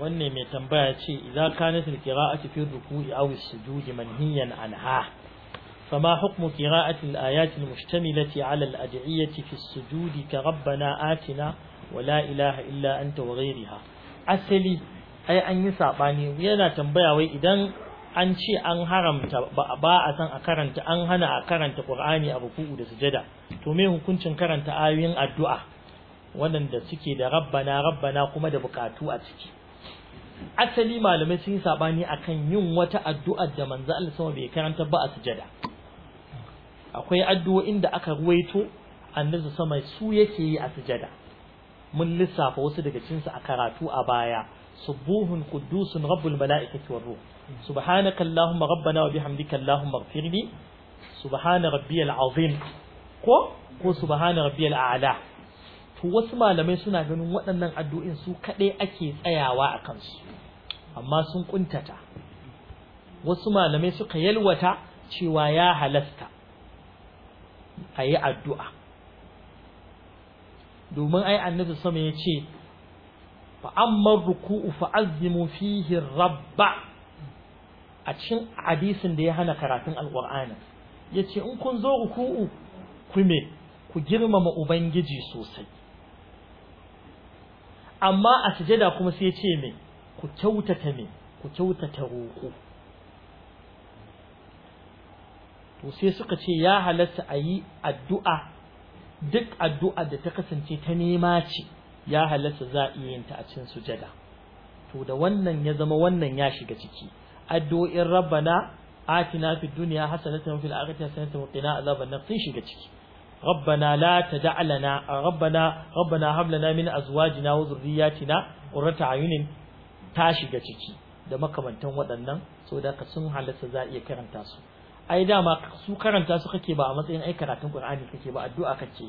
wannan mai tambaya ce idza kanat alqira'atu fi ruku'i aw as-sujudi manhiyan anha فما حكم قراءة الآيات المشتملة على الأدعية في السجود كربنا آتنا ولا إله إلا أنت وغيرها أسلي أي أن يسعباني وينا تنبيا وإذن an ce an haramta ba a san a karanta an hana a karanta ƙur'ani a ruku'u da sujada to me hukuncin karanta ayoyin addu'a waɗanda suke da rabbana rabbana kuma da bukatu a ciki asali malamai sun yi sabani akan yin wata addu'ar da manzo Allah sama bai karanta ba a sujada akwai addu'o'in da aka ruwaito annabi sama su yake yi a sujada mun lissafa wasu daga cikin su a karatu a baya subuhun quddusun rabbul mala'ikati war ruh subhanaka allahumma rabbana wa bihamdika allahumma ighfirli subhana rabbiyal azim ko ko subhana rabbiyal a'la to wasu malamai suna ganin waɗannan addu'in su kaɗai ake tsayawa a kansu amma sun kuntata wasu malamai suka yalwata cewa ya halasta a yi addu'a domin ai annabi sama ya ce fa'ammar ruku'u fa'azzimu fihi rabba a cikin hadisin da ya hana karatun alƙur'ani ya ce in kun zo ruku'u ku me ku girmama ubangiji sosai amma a sujada kuma sai ce me ku kyautata me ku kyautata roƙo to sai suka ce ya halatta a yi addu'a duk addu'a da ta kasance ta nema ce ya halatta za a iya yin ta a cin sujada to da wannan ya zama wannan ya shiga ciki addu'o'in rabbana atina fid dunya hasanatan fil akhirati hasanatan wa qina adhaban nar sun shiga ciki ربنا لا تدع لنا ربنا ربنا هب لنا من ازواجنا وذرياتنا قرة اعين ta shiga ciki da makamantan waɗannan so da ka sun halatta za iya karanta su ai dama su karanta su kake ba a matsayin ai karatun Qur'ani kake ba addu'a kake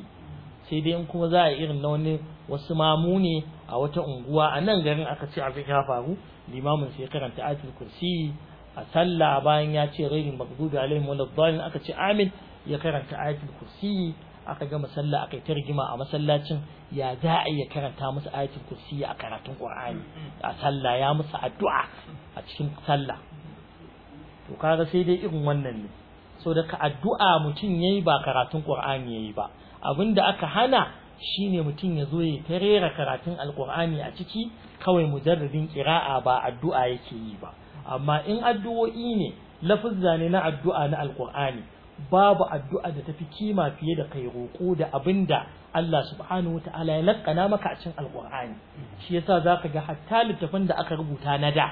sai dai in kuma za a irin na wani wasu mamu ne a wata unguwa a nan garin aka ce abin ya faru limamin sai karanta ayatul kursi a sallah bayan ya ce ghairil maghdubi alaihim waladdallin aka ce amin ya karanta ayatul kursi aka gama sallah aka yi ta rigima a masallacin ya za a iya karanta musu ayatul kursi a karatun qur'ani a sallah ya musu addu'a a cikin sallah to kaga sai dai irin wannan ne so da ka addu'a mutum yayi ba karatun qur'ani yayi ba abinda aka hana shine mutum ya zo ya tarera karatun alqur'ani a ciki kawai mujarradin qira'a ba addu'a yake yi ba amma in addu'o'i ne lafuzza na addu'a na alqur'ani babu addu'a da tafi kima fiye da kai roƙo da abinda Allah subhanahu wata'ala ya lakana maka a cikin alqur'ani shi yasa zaka ga hatta littafin da aka rubuta na da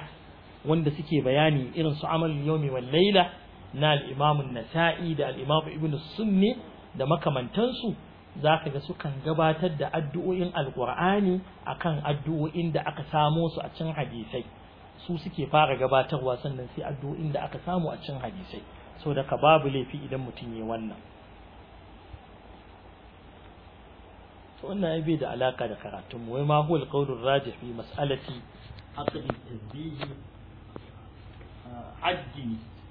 wanda suke bayani irin su amal yawmi wal Laila na al-imam an-nasa'i da al-imam ibn sunni da makamantansu zaka ga sukan gabatar da addu'o'in a akan addu'o'in da aka samo su a cikin hadisai su suke fara gabatarwa sannan sai addu'o'in da aka samu a cikin hadisai so ka babu laifi idan mutum ya wannan to wannan ya bai da alaka da karatun mu wai ma huwa masalaci rajih fi mas'alati aqdi tazbihi addini. Ah,